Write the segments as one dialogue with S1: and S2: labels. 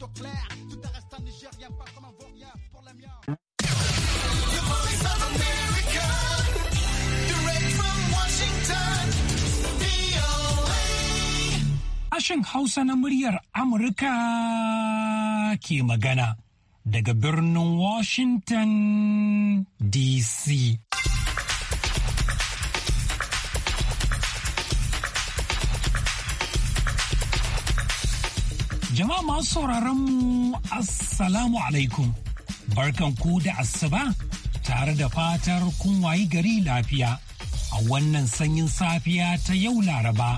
S1: The
S2: Hausa na muryar Amurka ke magana daga birnin Washington DC. Jama'a masu sauraron mu Assalamu alaikum. Barkan ku da asuba tare da fatar kun wayi gari lafiya a wannan sanyin safiya ta yau Laraba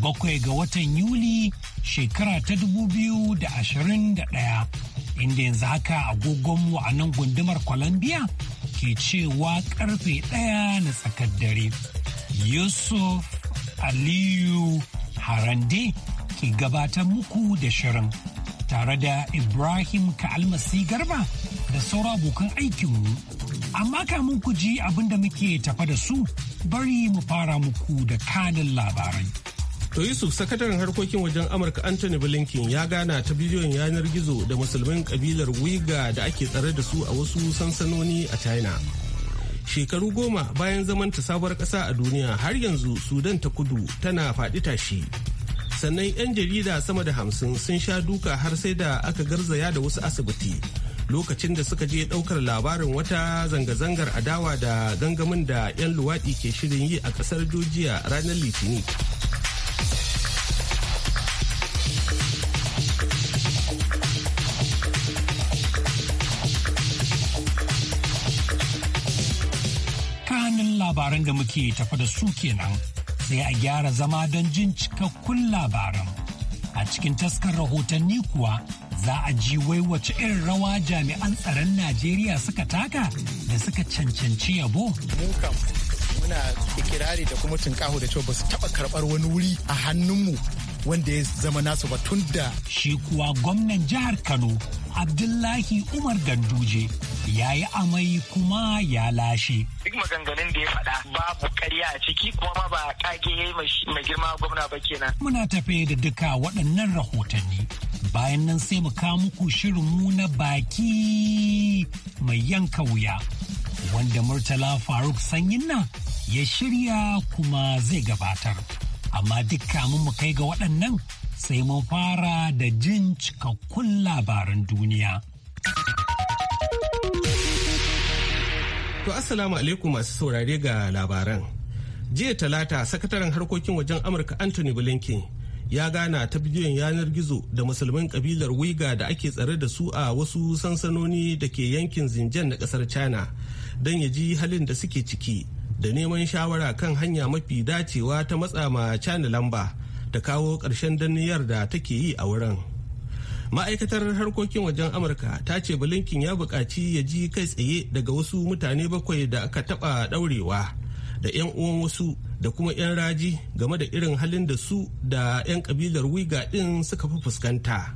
S2: bakwai ga watan Yuli shekara ta dubu biyu da ashirin da ɗaya, inda yanzu haka agogonmu a nan gundumar Colombia ke cewa karfe ɗaya na tsakar dare. Yusuf Aliyu Harande ke gabatar muku da shirin tare da Ibrahim Ka'almasi Garba da saura abokan aikinmu. Amma kamun ku ji abin da muke tafa da su bari mu fara muku da kanin labarai.
S3: To Yusuf sakataren harkokin wajen Amurka Anthony Blinken ya gana ta bidiyon yanar gizo da musulmin kabilar Wiga da ake tsare da su a wasu sansanoni a China. shekaru goma bayan zaman ta sabuwar ƙasa a duniya har yanzu sudan ta kudu tana faɗi tashi sannan 'yan jarida sama da hamsin sun sha duka har sai da aka garzaya da wasu asibiti lokacin da suka je ɗaukar labarin wata zanga-zangar adawa da gangamin da 'yan luwaɗi ke shirin yi a ƙasar jojiya ranar litinin
S2: labaran da muke tafa da su kenan sai a gyara zama don jin cikakkun labaran. A cikin taskar rahotanni kuwa za a ji wai wace irin rawa jami'an tsaron Najeriya suka taka da suka
S4: cancanci yabo. muna ikirari da kuma tunkaho da cewa ba su taɓa karɓar wani wuri a hannunmu wanda ya zama nasu ba tun da shi kuwa gwamnan jihar
S2: kano abdullahi umar ganduje ya yi amai kuma ya lashe
S4: duk maganganun da ya faɗa babu karya a ciki kuma ma ba kage mai girma gwamna ba kenan
S2: muna tafe da duka waɗannan rahotanni bayan nan sai mu kawo muku shirin mu na baki mai yanka wuya wanda murtala faruk sanyin nan ya shirya kuma zai gabatar. Amma duk kamun mu kai ga waɗannan sai mun fara da jin cikakkun
S3: labaran duniya. To Assalamu alaikum masu saurare ga labaran. Jiya talata sakataren harkokin wajen Amurka Anthony Blinken ya gana ta bidiyon yanar gizo da musulmin kabilar Uighur da ake tsare da su a wasu sansanoni da ke yankin Zinjan na kasar China don ya ji halin da suke ciki. da neman shawara kan hanya mafi dacewa ta matsa ma cana lamba ta kawo ƙarshen danniyar da take yi a wurin ma'aikatar harkokin wajen amurka ta ce blinken ya buƙaci ya ji kai tsaye daga wasu mutane bakwai da aka taɓa ɗaurewa da 'yan uwan wasu da kuma 'yan raji game da irin halin da su da 'yan ƙabilar wiga ɗin suka fi fuskanta.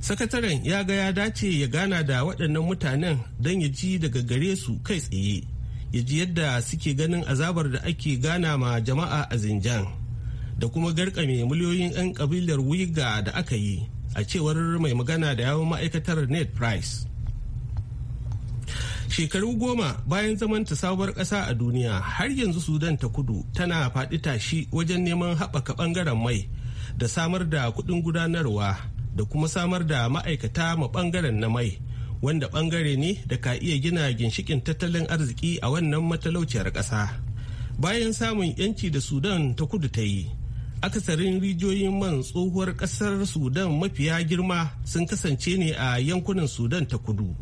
S3: sakataren ya ga ya dace ya gana da waɗannan mutanen don ya ji daga gare su kai tsaye ya ji yadda suke ganin azabar da ake gana ma jama'a a Zinjan da kuma garkame miliyoyin 'yan kabilar Wiga da aka yi a cewar mai magana da yawon ma'aikatar net Price. Shekaru goma bayan zaman ta sabuwar ƙasa a duniya har yanzu Sudan ta kudu tana faɗi tashi wajen neman haɓaka ɓangaren mai da samar da kuɗin gudanarwa da kuma samar da ma'aikata ma ɓangaren na mai. wanda bangare ne da ka iya gina ginshikin tattalin arziki a wannan matalauciyar ƙasa bayan samun yanci da sudan ta kudu ta yi akasarin rijiyoyin man tsohuwar ƙasar sudan mafiya girma sun kasance ne a yankunan sudan ta kudu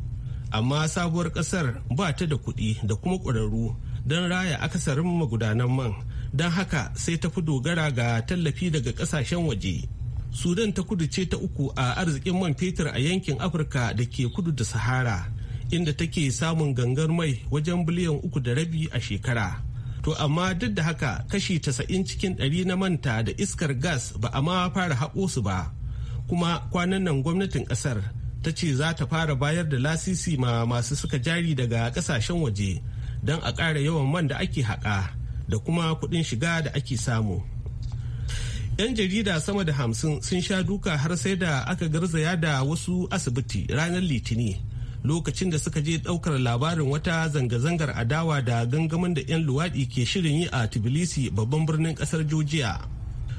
S3: amma sabuwar ƙasar ba ta da kuɗi da kuma ƙwararru don raya akasarin magudanan man don haka sai ta fi dogara ga tallafi daga ƙasashen waje sudan ta kudu ce ta uku a arzikin man fetur a yankin afirka da ke kudu da sahara inda take samun gangar mai wajen biliyan uku da rabi a shekara to amma duk da haka kashi tasa'in cikin ɗari na manta da iskar gas ba a ma fara haƙo su ba kuma kwanan nan gwamnatin ƙasar ta ce za ta fara bayar da lasisi ma masu suka jari daga ƙasashen waje don a ƙara yawan man da ake haƙa da kuma kuɗin shiga da ake samu. 'Yan jarida sama da hamsin sun sha duka har sai da aka garzaya da wasu asibiti ranar litini lokacin da suka je ɗaukar labarin wata zanga-zangar adawa da gangamin da 'yan luwaɗi ke shirin yi a Tbilisi babban birnin ƙasar Georgia.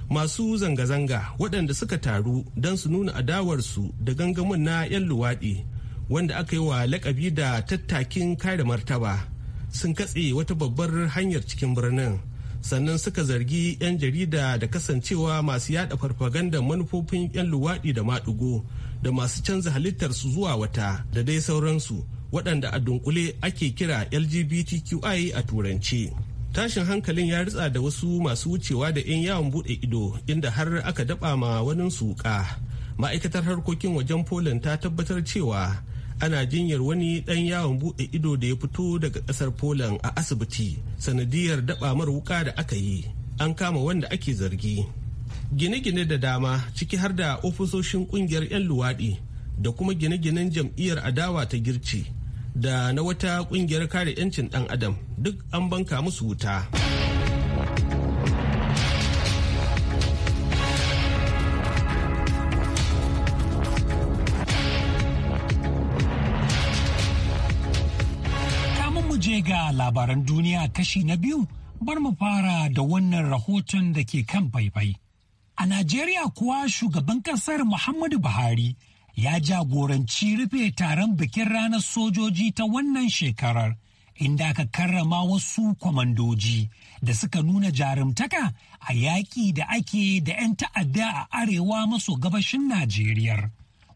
S3: Masu zanga-zanga waɗanda suka taru don su nuna adawarsu da gangamin na 'yan luwaɗi wanda aka yi wa lakabi da tattakin kare martaba sun katse wata babbar hanyar cikin birnin. sannan suka zargi 'yan jarida da kasancewa masu yada farfaganda manufofin 'yan luwaɗi da maɗigo da masu canza halittarsu zuwa wata da dai sauransu waɗanda a dunkule ake kira lgbtqi a turanci tashin hankalin ya ritsa da wasu masu wucewa da 'yan yawon buɗe ido inda har aka daɓa ma wani suka. ma'aikatar harkokin wajen poland ta tabbatar cewa ana jinyar wani ɗan yawon bude ido da ya fito daga ƙasar Poland a asibiti sanadiyar daɓamar wuka da aka yi. An kama wanda ake zargi. Gine-gine da dama ciki har da ofisoshin ƙungiyar 'yan luwaɗi da kuma gine-ginen jam'iyyar adawa ta girci da na wata ƙungiyar kare 'yancin ɗan adam duk an banka musu wuta.
S2: ga labaran duniya kashi na biyu bar mu fara da wannan rahoton da ke kan faifai. A Najeriya kuwa shugaban kasar Muhammadu Buhari ya jagoranci rufe taron bikin ranar sojoji ta wannan shekarar inda aka karrama wasu kwamandoji da suka nuna jarumtaka a yaƙi da ake da 'yan ta'adda a arewa maso gabashin Najeriya.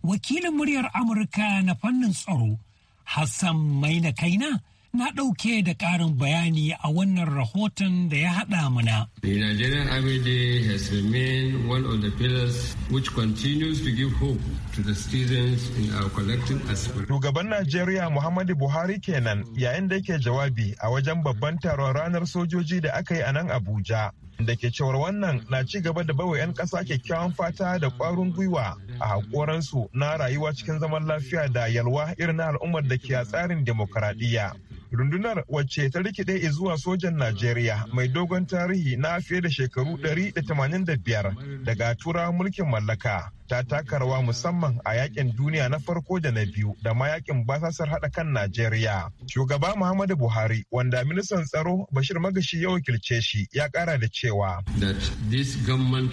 S2: Wakilin muryar Amurka na fannin tsaro, Hassan Maina Kaina. na ɗauke da ƙarin bayani a wannan rahoton da ya haɗa mana.
S3: The Nigerian Army Day
S5: has remained one of the pillars which continues to give hope to the citizens in our collective aspiration. Shugaban Najeriya Muhammadu Buhari kenan yayin da yake jawabi a wajen babban taron ranar sojoji da aka yi a nan Abuja. da ke cewar wannan na ci gaba da bawa 'yan ƙasa kyakkyawan fata da kwarin gwiwa a haƙoransu na rayuwa cikin zaman lafiya da yalwa irin na al'ummar da ke a tsarin demokaradiyya. rundunar wacce ta rikide zuwa sojan najeriya mai dogon tarihi na fiye da shekaru 185 daga turawan mulkin mallaka ta taka rawa musamman a yakin duniya na farko da na biyu da ma yakin basasar haɗa kan Najeriya. Shugaba Muhammadu Buhari wanda ministan tsaro Bashir Magashi ya wakilce shi ya ƙara da cewa.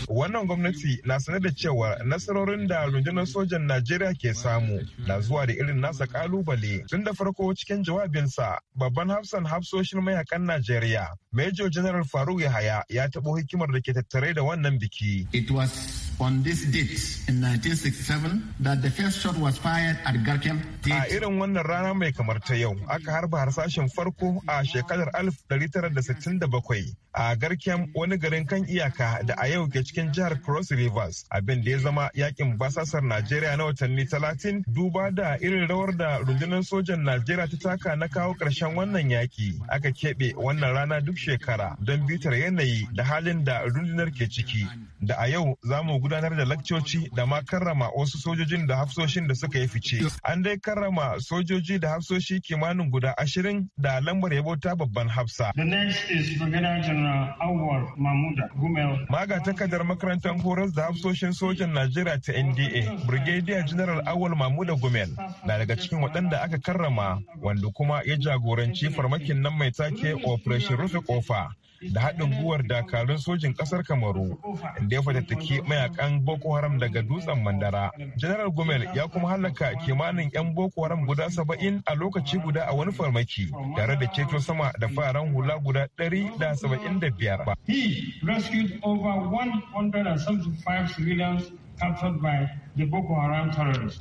S5: Wannan gwamnati na sanar da cewa nasarorin da rundunar sojan Najeriya ke samu na zuwa da irin nasa ƙalubale tun da farko cikin jawabinsa babban hafsan hafsoshin mayakan Najeriya Major General Faruk Yahaya ya taɓo hikimar da ke tattare
S1: da wannan biki. It was on this date in 1967 that was fired at A
S5: irin wannan rana mai kamar ta yau aka harba harsashen farko a shekarar 1967 a Garkem wani garin kan iyaka da a yau ke cikin jihar Cross Rivers abin da ya zama yakin basasar Najeriya na watanni talatin duba da irin rawar da rundunar sojan Najeriya ta taka na kawo ƙarshen wannan yaki aka keɓe wannan rana duk shekara don bitar yanayi da halin da rundunar ke ciki da a yau za mu gudanar da lakcoci da ma karrama wasu sojojin da hafsoshin da suka yi fice. An dai karrama sojoji da hafsoshi kimanin guda ashirin da lambar yabo ta babban hafsa. The next is General Maga takardar makarantar horas da hafsoshin sojan Najeriya ta NDA, Brigadier General Awal Mahmuda Gumel na daga cikin waɗanda aka karrama wanda kuma ya jagoranci farmakin nan mai take Operation Rufe Kofa. da haɗin guwar dakarun sojin ƙasar kamaru inda ya fatattake mayakan boko haram daga dutsen mandara janar gomel ya kuma halaka kimanin 'yan boko haram guda saba'in a lokaci guda a wani farmaki tare da ceto sama da faran hula guda ɗari da saba'in da biyar ba. 175 captured by the Boko Haram terrorists.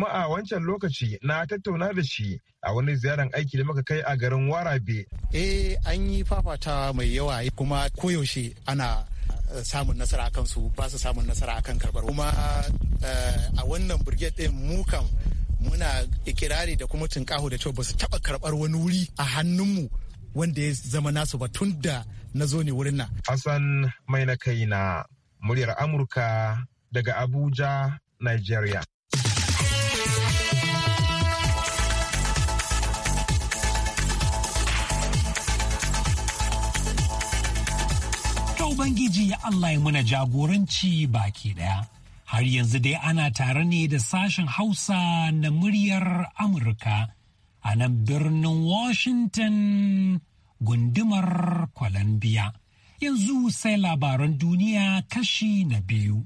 S5: kuma a wancan lokaci na tattauna da shi a wani ziyarar aiki da muka kai a garin warabe
S1: eh an yi fafata mai yawa kuma koyaushe ana eh, samun nasara akan su ba su samun nasara akan karbar kuma
S4: eh, a wannan birgit din mu kam muna ikirari da kuma tunkaho da cewa ba su taba
S5: karbar wani wuri a hannunmu wanda ya zama nasu ba tun da na zo ne wurin nan hassan mai na kai na muryar amurka daga abuja nigeria
S2: Ubangiji ya Allah ya muna jagoranci baki daya Har yanzu dai ana tare ne da sashen Hausa na muryar Amurka a nan birnin Washington gundumar Columbia. Yanzu sai labaran duniya kashi na biyu.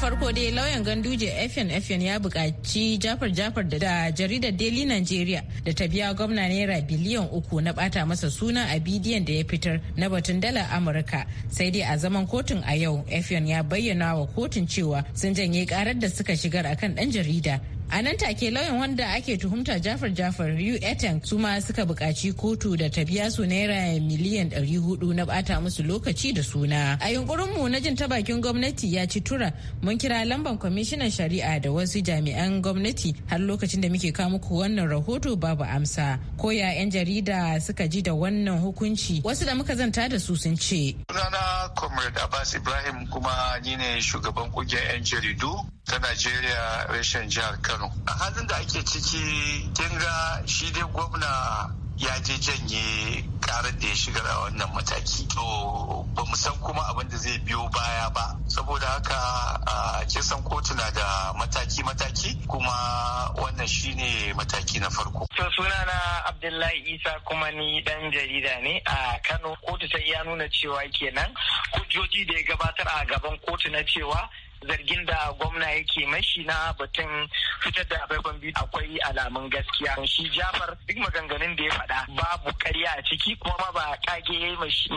S6: farko dai lauyan ganduje fn fn ya buƙaci jafar jafar da jaridar daily nigeria da ta biya gwamna naira biliyan uku na bata masa suna a bidiyon da ya fitar na batun dala amurka sai dai a zaman kotun a yau fn ya bayyana wa kotun cewa sun janye karar da suka shigar akan dan jarida a nan take lauyan wanda ake tuhumta jafar jafar yu eten su ma suka buƙaci kotu da ta biya su naira miliyan hudu na bata musu lokaci da suna a yunkurin mu na jin ta bakin gwamnati ya ci tura mun kira lamban kwamishinan shari'a da wasu jami'an gwamnati har lokacin da muke kawo muku wannan rahoto babu amsa ko ya 'yan jarida suka ji da wannan hukunci wasu da muka zanta da su sun ce sunana comrade abbas ibrahim
S4: kuma ni ne shugaban kungiyar 'yan jaridu ta Najeriya reshen jihar Kano. A halin da ake ciki kin ga shi dai gwamna ya je janye karar da ya shiga a wannan mataki. To ba mu san kuma abin da zai biyo baya ba. Saboda haka kin san kotuna da mataki-mataki kuma wannan shine mataki na farko. To sunana Abdullahi Isa kuma ni dan jarida ne a Kano kotu ta iya nuna cewa kenan hujjoji da ya gabatar a gaban kotu na cewa zargin da gwamna yake mashi na batun fitar da faifan bidiyo akwai alamun gaskiya shi jafar duk maganganun da ya faɗa babu karya a ciki kuma ma ba kage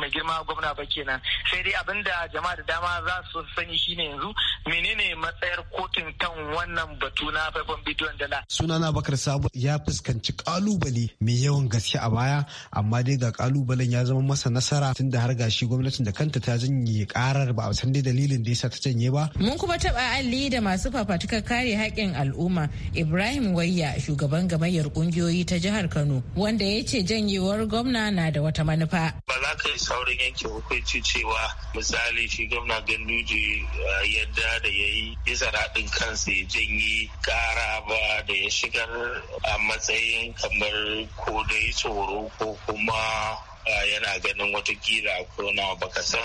S4: mai girma gwamna ba kenan sai dai abin da jama'a da dama za su sani shine yanzu menene matsayar kotun kan wannan batu na faifan bidiyon dala
S3: sunana bakar sabu ya fuskanci kalubale mai yawan gaske a baya amma dai ga kalubalen ya zama masa nasara tunda har gashi gwamnatin da kanta ta janye karar ba a san dai dalilin da ya sa ta janye ba
S6: Mun kuma taɓa alli da masu fafatukar kare haƙƙin al'umma Ibrahim Wayya shugaban gamayyar ƙungiyoyi ta jihar Kano wanda ya ce janyewar gwamna na da wata manufa.
S4: Ba za ka yi saurin yanke hukunci cewa misali shi gwamna Ganduje uh, yadda da ya yi bisa kansa ya janye ƙara ba da ya shigar a matsayin kamar ko dai tsoro ko kuma yana ganin watakila ko na baka san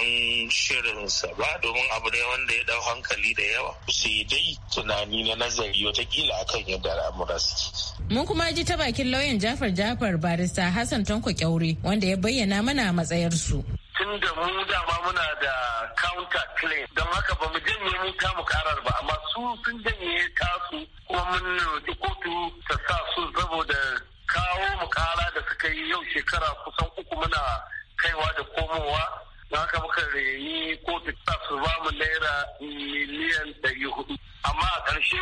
S4: shirinsa ba domin abu ne wanda ya dau hankali da yawa sai dai tunani na nazari watakila akan yadda al'amura suke.
S6: Mun kuma ji ta bakin lauyan Jafar Jafar barista Hassan Tanko Kyaure wanda ya bayyana mana matsayar su.
S4: Tun da mu dama muna da counter claim don haka ba mu janye mu ta mu karar ba amma su sun janye tasu kuma mun kotu ta sa su saboda kawo mukala da suka yi yau shekara kusan
S7: uku muna kaiwa da komowa na haka muka reyi kotu ta su ba mu naira miliyan ɗari hudu amma a ƙarshe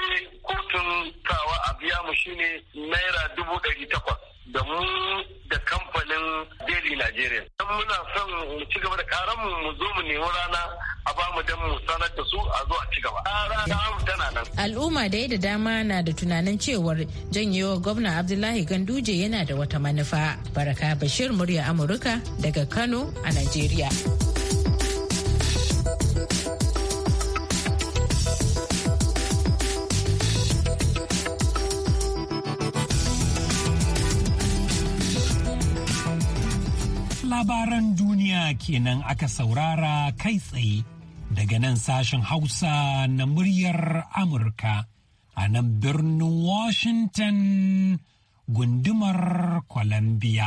S7: kotun tawa a biya mu shine naira dubu ɗari takwas da mu Najeriya. Don muna son mu ci gaba da karan mu mu zo mu nemi rana a ba mu dan mu sanar da su a zo a ci gaba.
S6: Ah, tana nan. Al'umma da da dama na da tunanin cewar janyewa gwamna Abdullahi Ganduje yana da wata manufa. Baraka Bashir murya Amurka daga Kano a Najeriya.
S2: kenan aka saurara kai tsaye daga nan sashen Hausa na muryar Amurka a nan birnin Washington gundumar Columbia.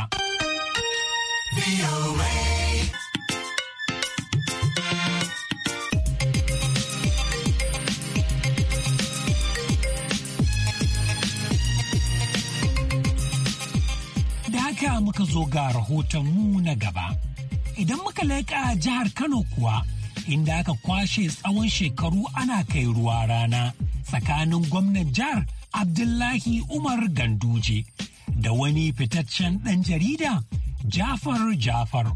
S2: Da haka muka zo ga rahotonmu na gaba. idan muka leƙa jihar Kano kuwa inda aka kwashe tsawon shekaru ana kai ruwa rana tsakanin gwamnan jihar Abdullahi Umar Ganduje da wani fitaccen ɗan jarida Jafar Jafar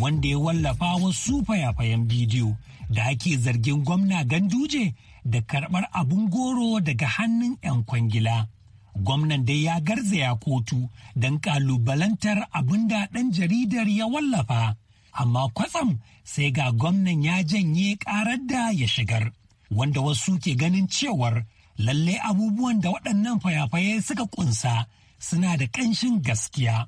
S2: wanda ya wallafa wasu fayafayen bidiyo da ake zargin gwamna Ganduje da karɓar abun goro daga hannun 'yan kwangila. Gwamnan dai ya garzaya kotu don ƙalubalantar abin da ɗan jaridar ya wallafa. amma kwatsam sai ga gwamnan ya janye karar da ya shigar wanda wasu ke ganin cewar lalle abubuwan da waɗannan fayafaye suka kunsa suna da ƙanshin gaskiya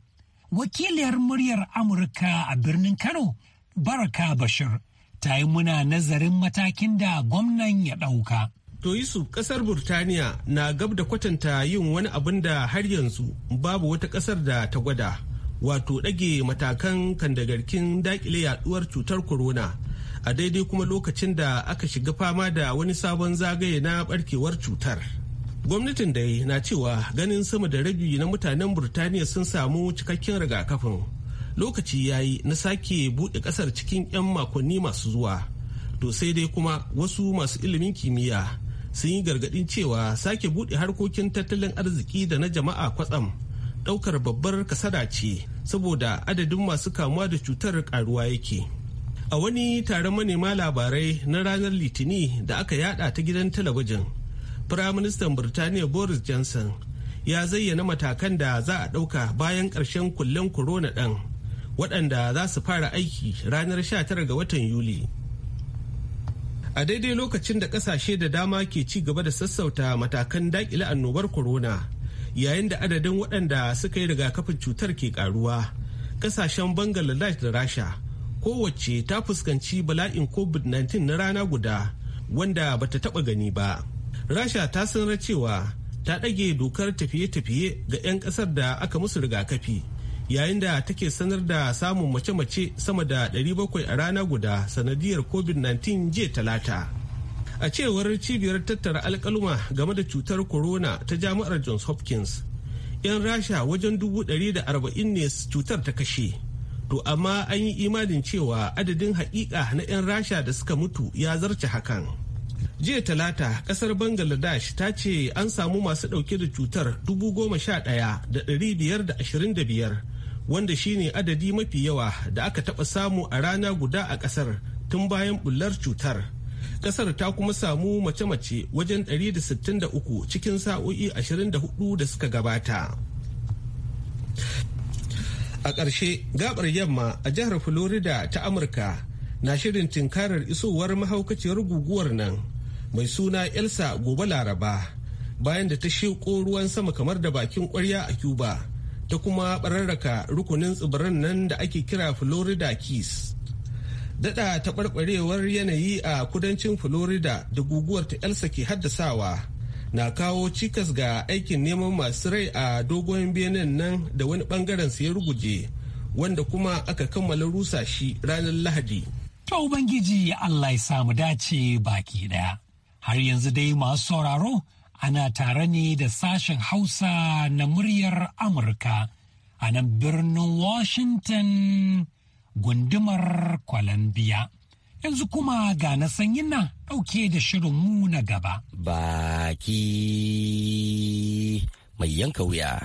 S2: wakiliyar muryar amurka a birnin kano baraka bashir ta yi muna nazarin matakin
S3: da gwamnan ya ɗauka To Yusuf ƙasar Burtaniya na gab da kwatanta yin wani abin da har yanzu babu wata ƙasar da ta gwada. wato ɗage matakan kan kandagarkin dakile yaduwar cutar corona a daidai kuma lokacin da aka shiga fama da wani sabon zagaye na barkewar cutar gwamnatin dai na cewa ganin sama da rabi na mutanen burtaniya sun samu cikakken rigakafin lokaci ya yi na sake buɗe ƙasar cikin 'yan makonni masu zuwa to sai dai kuma wasu masu ilimin kimiyya sun yi gargaɗin cewa sake buɗe harkokin tattalin arziki da na jama'a kwatsam daukar babbar kasada ce saboda adadin masu kamuwa da cutar karuwa yake a wani taron manema labarai na ranar litini da aka yada ta gidan talabijin firaministan birtaniya boris johnson ya zayyana matakan da za a ɗauka bayan ƙarshen kullen corona ɗan waɗanda za su fara aiki ranar 19 ga watan yuli a daidai lokacin da ƙasashe da dama ke ci gaba da sassauta matakan daƙile annobar corona yayin da adadin waɗanda suka yi rigakafin cutar ke karuwa kasashen bangladesh da rasha kowace ta fuskanci bala'in covid-19 na rana guda wanda bata taɓa gani ba rasha ta sanar cewa ta ɗage dokar tafiye-tafiye ga 'yan ƙasar da aka musu rigakafi yayin da take sanar da samun mace-mace sama da 700 a rana guda sanadiyar covid-19 jiya talata a cewar cibiyar tattara alkaluma game da cutar corona ta jami'ar johns hopkins 'yan rasha wajen dubu da arba'in ne cutar ta kashe to amma an yi imanin cewa adadin haƙiƙa na 'yan rasha da suka mutu ya zarce hakan jiya talata kasar bangladesh ta ce an samu masu ɗauke da cutar dubu goma sha ɗaya da ɗari biyar da ashirin da biyar wanda shine adadi mafi yawa da aka taɓa samu a rana guda a ƙasar tun bayan bullar cutar kasar ta kuma samu mace-mace wajen 163 cikin sa'o'i 24 da suka gabata a ƙarshe gabar yamma a jihar florida ta amurka na shirin tinkarar isowar mahaukaciyar guguwar nan mai suna elsa gobe laraba bayan da ta shiƙo ruwan sama kamar da bakin ƙwarya a cuba ta kuma bararraka rukunin tsibiran nan da ake kira florida keys Dada taɓarɓarewar yanayi a kudancin Florida da guguwar ta Elsa ke haddasawa na kawo cikas ga aikin neman masu rai a dogon benin nan da wani bangaren ya ruguje wanda kuma aka kammala rusa shi ranar lahadi.
S2: Ta Ubangiji Allah ya samu dace baki ɗaya. Har yanzu dai masu sauraro ana tare ne da sashen Hausa na muryar Amurka a nan birnin Washington gundumar Columbia. Yanzu kuma ga na sanyin nan ɗauke da shirinmu na gaba.
S7: Baki mai yanka wuya.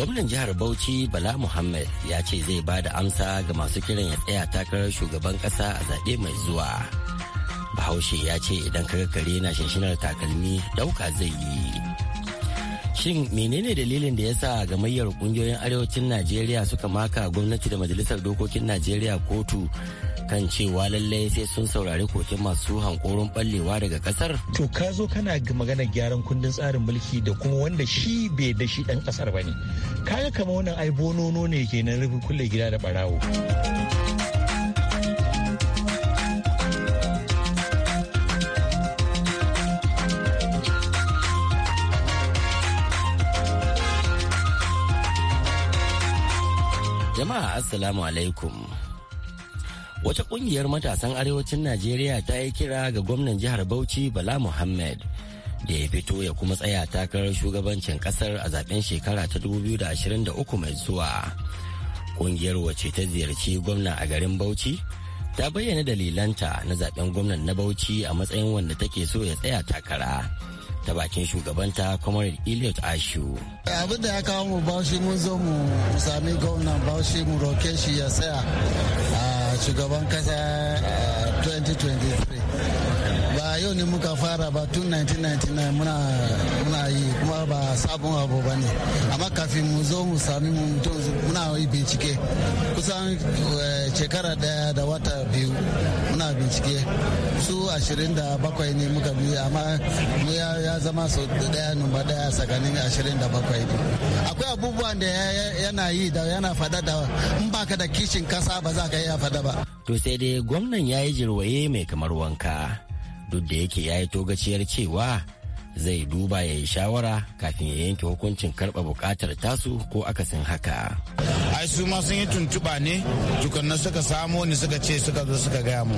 S7: gwamnan jihar bauchi bala muhammad ya ce zai ba da amsa ga masu kiran ya tsaya takarar shugaban ƙasa a zaɓe mai zuwa bahaushe ya ce idan kare na shinshinar takalmi ɗauka zai yi Shin menene dalilin da ya sa gamayyar kungiyoyin arewacin Najeriya suka maka gwamnati da majalisar dokokin Najeriya kotu kan cewa lallai sai sun saurari kokin masu hankoron ballewa daga kasar.
S4: To ka zo kana magana gyaran kundin tsarin mulki da kuma wanda shi bai da shi dan kasar ne Kaga kamar wannan ai bonono ne kenan rufin kulle gida da barawo.
S7: Jama'a Assalamu alaikum. Wata kungiyar matasan arewacin Najeriya ta yi kira ga gwamnan jihar Bauchi Bala Muhammad da ya fito ya kuma tsaya takarar shugabancin kasar a zaben shekara ta 2023 mai zuwa. Kungiyar wace ta ziyarci gwamna a garin Bauchi ta bayyana dalilanta na zaben gwamnan na Bauchi a matsayin wanda take so ya tsaya takara. ta bakin shugabanta comrade Elliot Ashu.
S1: Eh, abin da ya kawo mu bashi mun zo mu sami gwamnan bashi mu roke shi ya tsaya a shugaban kasa 2023. Ba yau ne muka fara ba tun 1999 muna yi kuma ba sabon abu ba ne. kafin mu zo mu sami mu mutum muna yi bincike kusan eh, shekara daya da wata biyu muna bincike su ashirin da bakwai ne muka biyu amma mu ya zama sau daya numba daya tsakanin ashirin da bakwai ne akwai abubuwan da yana yi da yana fada da in baka da kishin kasa ba za ka iya fada ba
S7: to sai dai gwamnan ya yi jirwaye mai kamar wanka duk da yake ya yi togaciyar cewa zai duba ya yi shawara kafin ya yanke hukuncin karɓa buƙatar tasu ko akasin haka.
S1: ai su ma sun yi tuntuɓa ne tukanna suka samo ni suka ce suka zo suka gaya mu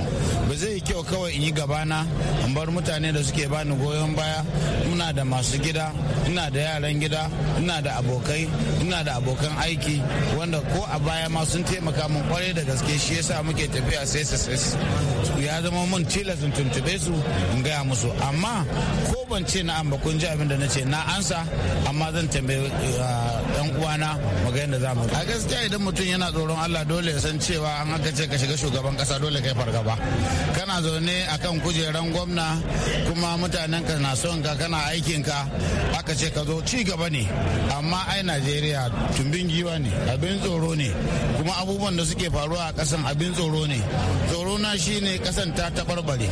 S1: ba zai yi kyau kawai in yi gabana in bar mutane da suke bani goyon baya muna da masu gida ina da yaran gida ina da abokai ina da abokan aiki wanda ko a baya ma sun taimaka mun kwarai da gaske shi yasa muke tafiya sai sai ya zama mun tilasin tuntuɓe su in gaya musu amma ko ban ce ce na'am ba kun ji abin da na ce na ansa amma zan tambayi uh, yan uwana mu ga zamu a gaskiya idan mutum yana tsoron Allah dole ya san cewa an haka ce ka shiga shugaban kasa dole kai fargaba kana zaune akan kujeran gwamna kuma mutanen ka na son ka kana aikin ka aka ce ka zo ci gaba ne amma ai Najeriya tumbin giwa ne abin tsoro ne kuma abubuwan da suke faruwa a kasan abin tsoro ne tsoro na shine kasan ta tabarbare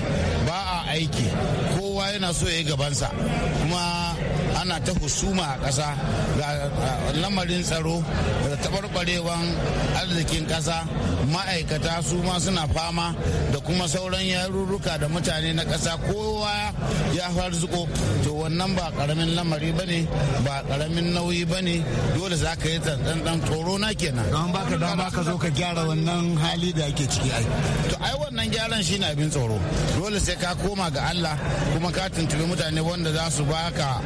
S1: ba a aiki kowa yana so ya yi gabansa kuma ana ta husuma a ƙasa ga lamarin tsaro da tabarbarewan arzikin ƙasa ma'aikata su ma suna fama da kuma sauran yarurruka da mutane na ƙasa kowa ya farzuko to wannan ba ƙaramin lamari ba ne ba ƙaramin nauyi ba ne dole za ka yi tsantsan tsoro na kenan. Don baka ka zo ka gyara wannan hali da ake ciki ai. To ai wannan gyaran shine abin tsoro dole sai ka koma ga Allah kuma ka tuntubi mutane wanda za su baka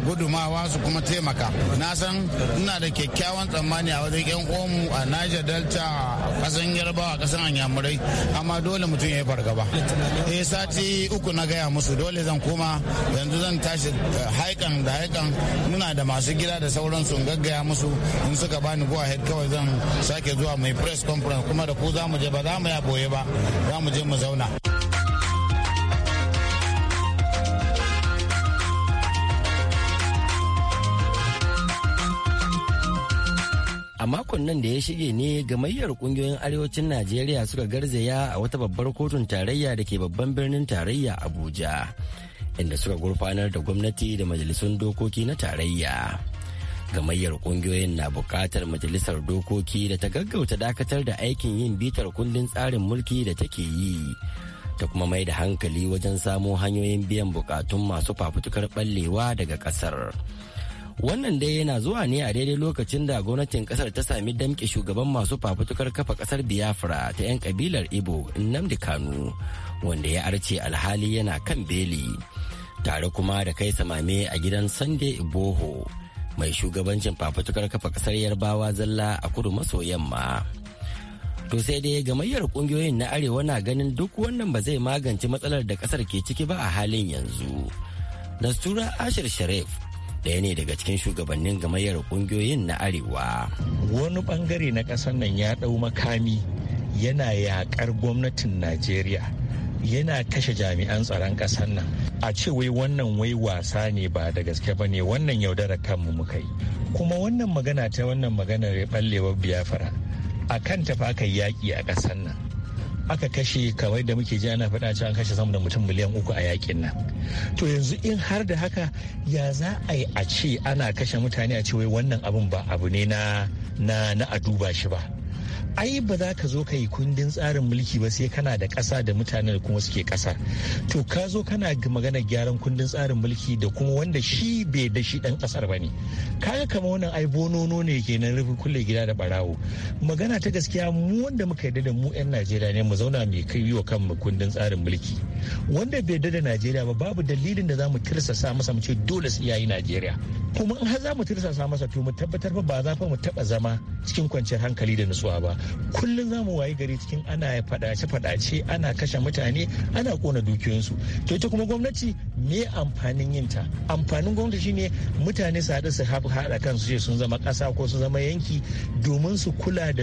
S1: gudumawa su kuma taimaka na san ina da kyakkyawan tsammani a wajen yan uwanmu a niger delta a kasan yarbawa a kasan anyamurai amma dole mutum ya yi fargaba eh sati uku na gaya musu dole zan koma yanzu zan tashi eh, haikan da haikan muna da masu gida da sauransu gaggaya musu in suka bani go ahead kawai zan sake zuwa mai press conference kuma da ku za mu je ba za mu ya boye ba za mu je mu zauna.
S7: a makon nan da ya shige ne gamayyar kungiyoyin arewacin najeriya suka garzaya a wata babbar kotun tarayya da ke babban birnin tarayya abuja inda suka gurfanar da gwamnati da majalisun dokoki na tarayya gamayyar kungiyoyin na bukatar majalisar dokoki da ta gaggauta dakatar da aikin yin bitar kundin tsarin mulki da take yi ta kuma mai da hankali wajen samo hanyoyin biyan bukatun masu fafutukar ɓallewa daga ƙasar. Wannan dai yana zuwa ne a daidai lokacin da gwamnatin kasar ta sami damƙe shugaban masu fafutukar kafa kasar Biafra ta 'yan kabilar Ibo Nnamdi Kanu wanda ya arce alhali yana kan beli. Tare kuma da kai samame a gidan Sunday iboho mai shugabancin fafutukar kafa kasar Yarbawa zalla a kudu maso yamma. To sai dai gamayyar kungiyoyin na arewa na ganin duk wannan ba zai magance matsalar da kasar ke ciki ba a halin yanzu. Nastura Ashir Sharif ɗaya ne daga cikin shugabannin gamayyar ƙungiyoyin na arewa
S4: wani ɓangare na ƙasar nan ya ɗau makami yana yaƙar gwamnatin najeriya yana kashe jami'an tsaron ƙasar nan a ce wai wannan wai wasa ne ba da gaske ba ne wannan yaudarar kanmu muka yi kuma wannan magana ta wannan maganar ɓallewar biyafara a kan tafa yaƙi a ƙasar nan aka kashe kamar da muke ji ana faɗa cewa an kashe sama da mutum miliyan uku a yakin nan to yanzu in har da haka ya za a yi a ce ana kashe mutane a ce wai wannan abun ba abu ne na na a duba shi ba ai ba za ka zo ka yi kundin tsarin mulki ba sai kana da ƙasa da mutane da kuma suke ƙasa to ka zo kana magana gyaran kundin tsarin mulki da kuma wanda shi bai da shi ɗan ƙasar ba ne kaga kamar wannan ai bonono ne nan rufin kulle gida da barawo magana ta gaskiya mu wanda muka yarda da mu 'yan najeriya ne mu zauna mai kai wa kanmu kundin tsarin mulki wanda bai yadda da najeriya ba babu dalilin da za mu tirsasa masa mu ce dole su iyayi najeriya kuma in har za mu tirsasa masa to mu tabbatar ba za fa mu taba zama cikin kwanciyar hankali da nutsuwa ba kullum zamu mu wayi gari cikin ana fadace-fadace ana kashe mutane ana kona dukiyoyinsu to ita kuma gwamnati me amfanin yinta amfanin gwamnati shine mutane su haɗu su haɗa kansu ce sun zama ƙasa ko sun zama yanki domin su kula da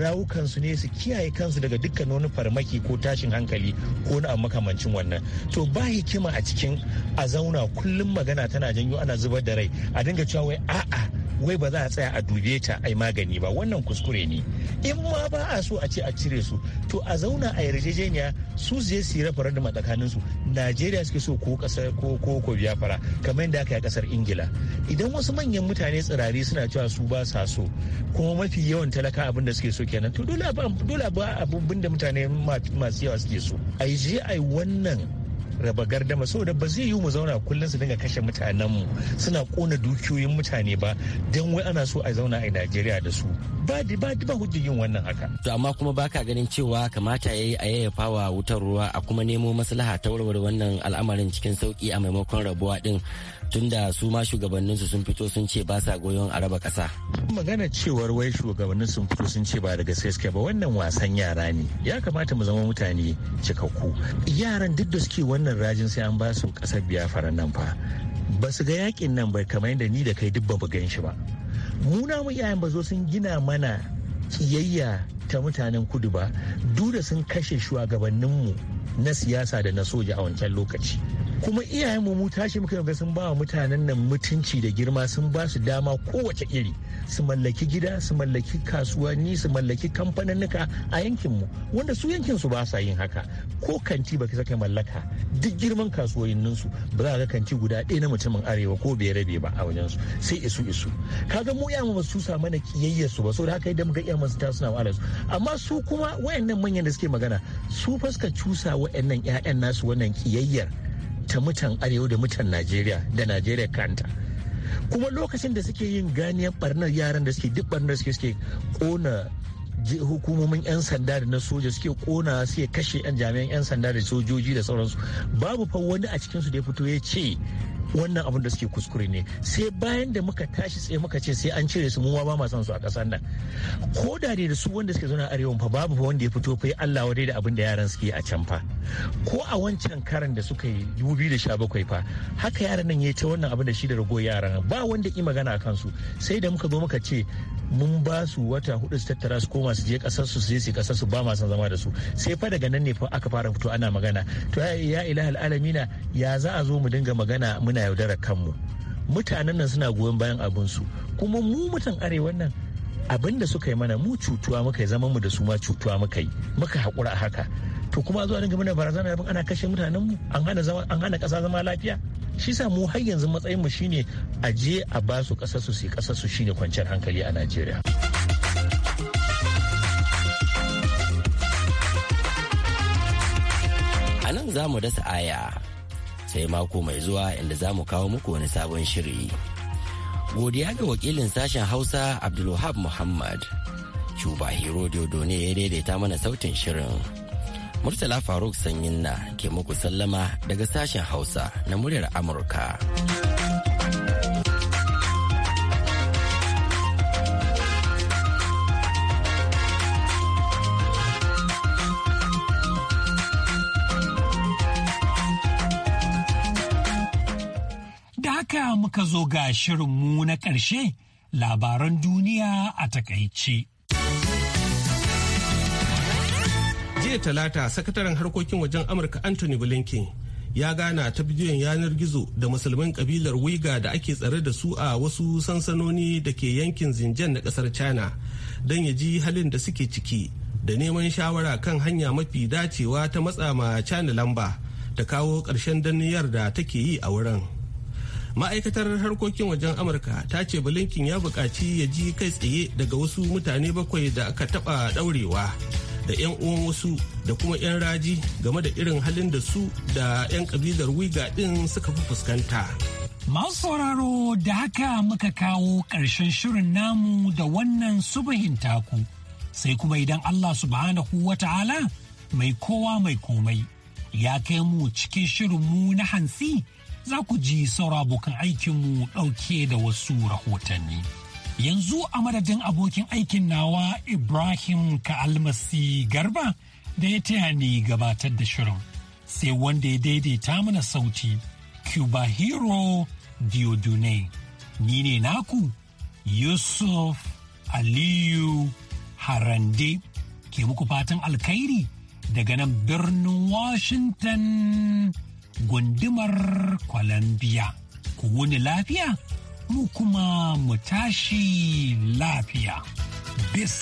S4: rawukansu ne su kiyaye kansu daga dukkan wani farmaki ko tashin hankali ko na makamancin wannan to ba hikima a cikin a zauna kullum magana tana janyo ana zubar da rai a dinga cewa wai a'a wai ba za a tsaya a dube ta a yi magani ba wannan kuskure ne in ma ba a so a ce a cire su to a zauna a yarjejeniya su je su yi referendum a tsakanin su najeriya suke so ko kasar ko ko ko biafra kamar yadda aka yi kasar ingila idan wasu manyan mutane tsirari suna cewa su ba sa so kuma mafi yawan talaka abin da suke so kenan to dole ba abubuwan da mutane masu yawa suke so a yi je a yi wannan raba gardama saboda ba zai yi mu zauna kullum su dinga kashe mutanenmu suna kona dukiyoyin mutane ba don wai ana so a zauna a Najeriya da su ba ba ba hujjar yin wannan haka
S7: to amma kuma baka ganin cewa kamata yayi a yayyafa wa wutar ruwa a kuma nemo maslaha ta warware wannan al'amarin cikin sauki a maimakon rabuwa din tunda su ma shugabannin su sun fito sun ce ba sa goyon a raba kasa
S4: magana cewar wai shugabannin sun fito sun ce ba da gaske suke ba wannan wasan yara ne ya kamata mu zama mutane cikakku yaran duk da suke wannan rajin sai an ba su kasar biyafara nan fa ba su ga yakin nan ba kamar yadda ni da kai duk ba mu gan shi ba mu namu iyayen ba zo sun gina mana kiyayya ta mutanen kudu ba duk da sun kashe shugabanninmu na siyasa da na soja a wancan lokaci kuma iyayenmu mu tashi muka ga sun ba mutanen nan mutunci da girma sun ba su dama kowace iri su mallaki gida su mallaki kasuwanni su mallaki kamfaninnika a yankinmu wanda su yankin su ba sa yin haka ko kanti baki saka mallaka duk girman kasuwannin su ba za ga kanti guda ɗaya na mutumin arewa ko bai rabe ba a wajen su sai isu isu ga mu iyayenmu ba su sa mana kiyayyar su ba da haka idan muka iyayenmu su ta suna wa su amma su kuma wayannan manyan da suke magana su fuska cusa wayannan ƴaƴan nasu wannan kiyayyar ta mutan arewa da mutan najeriya da najeriya kanta kuma lokacin da suke yin ganiyar barnar yaran da suke duk barnar suke suke kona hukumomin 'yan sanda da na soja suke kona suke kashe 'yan jami'an 'yan sanda da sojoji da sauransu babu fa wani a cikinsu da ya fito ya ce wannan abin da suke kuskure ne sai bayan da muka tashi tsaye muka ce sai an cire su mu ba ma san su a kasan nan ko da dai da su wanda suke zauna arewa fa babu fa wanda ya fito fa Allah wadai da abin da yaran suke a can fa ko a wancan karan da suka yi 2017 fa haka yaran nan ya ta wannan abin da shi da rago yaran ba wanda ki magana a kansu sai da muka zo muka ce mun ba su wata hudu su tattara su koma su je kasar su je su kasar su ba ma san zama da su sai fa daga nan ne fa aka fara fito ana magana to ya ilahi alamina ya za a zo mu dinga magana muna yaudara yaudarar kanmu mutanen nan suna goyon bayan abinsu kuma mu mutan arewa nan abin da suka yi mana mu cutuwa muka yi zaman mu da su ma cutuwa muka yi muka haƙura a haka to kuma zuwa dinga mana barazana abin ana kashe mutanen mu an hana zama an hana ƙasa zama lafiya shi sa mu har yanzu matsayin mu shine a je a ba su ƙasar su sai ƙasar su shine kwanciyar hankali a Najeriya
S7: a nan za mu dasa aya sai mako mai zuwa inda za mu kawo muku wani sabon shiri. Godiya ga wakilin sashen Hausa Abdulwahab Muhammad. Cuba Hero ne ya daidaita mana sautin shirin. Murtala Faruk Sanyin na ke muku sallama daga sashen Hausa na muryar Amurka.
S2: da haka muka zo ga shirinmu na ƙarshe labaran duniya a takaice.
S3: jiya talata sakataren harkokin wajen amurka anthony blinken ya gana ta bidiyon yanar gizo da musulman kabilar wiga da ake tsare da su a wasu sansanoni da ke yankin zinjan na kasar china don ya ji halin da suke ciki da neman shawara kan hanya mafi dacewa ta matsa ma china lamba da kawo ƙarshen danniyar da take yi a wurin. ma'aikatar harkokin wajen amurka ta ce blinken ya buƙaci ya ji kai tsaye daga wasu mutane bakwai da aka taɓa ɗaurewa da 'yan uwan wasu da kuma 'yan raji game da irin halin da su da 'yan kabilar wiga ɗin suka fi fuskanta
S2: Masu sauraro da haka muka kawo ƙarshen shirin namu da wannan subahin taku sai kuma idan Allah subhanahu wa ta'ala mai kowa mai komai ya kai mu cikin shirin mu na hansi za ku ji saura abokan aikinmu ɗauke da wasu rahotanni. Yanzu a madadin abokin aikin nawa Ibrahim Ka'almasi Garba da ya taya ni gabatar da shirin. Sai wanda ya daidaita mana sauti, Cuba Hero Diodune. Ni ne naku Yusuf Aliyu Harande ke muku fatan alkhairi daga nan birnin Washington. gundumar Columbia. Ku wuni lafiya, mu kuma mu tashi lafiya. Bis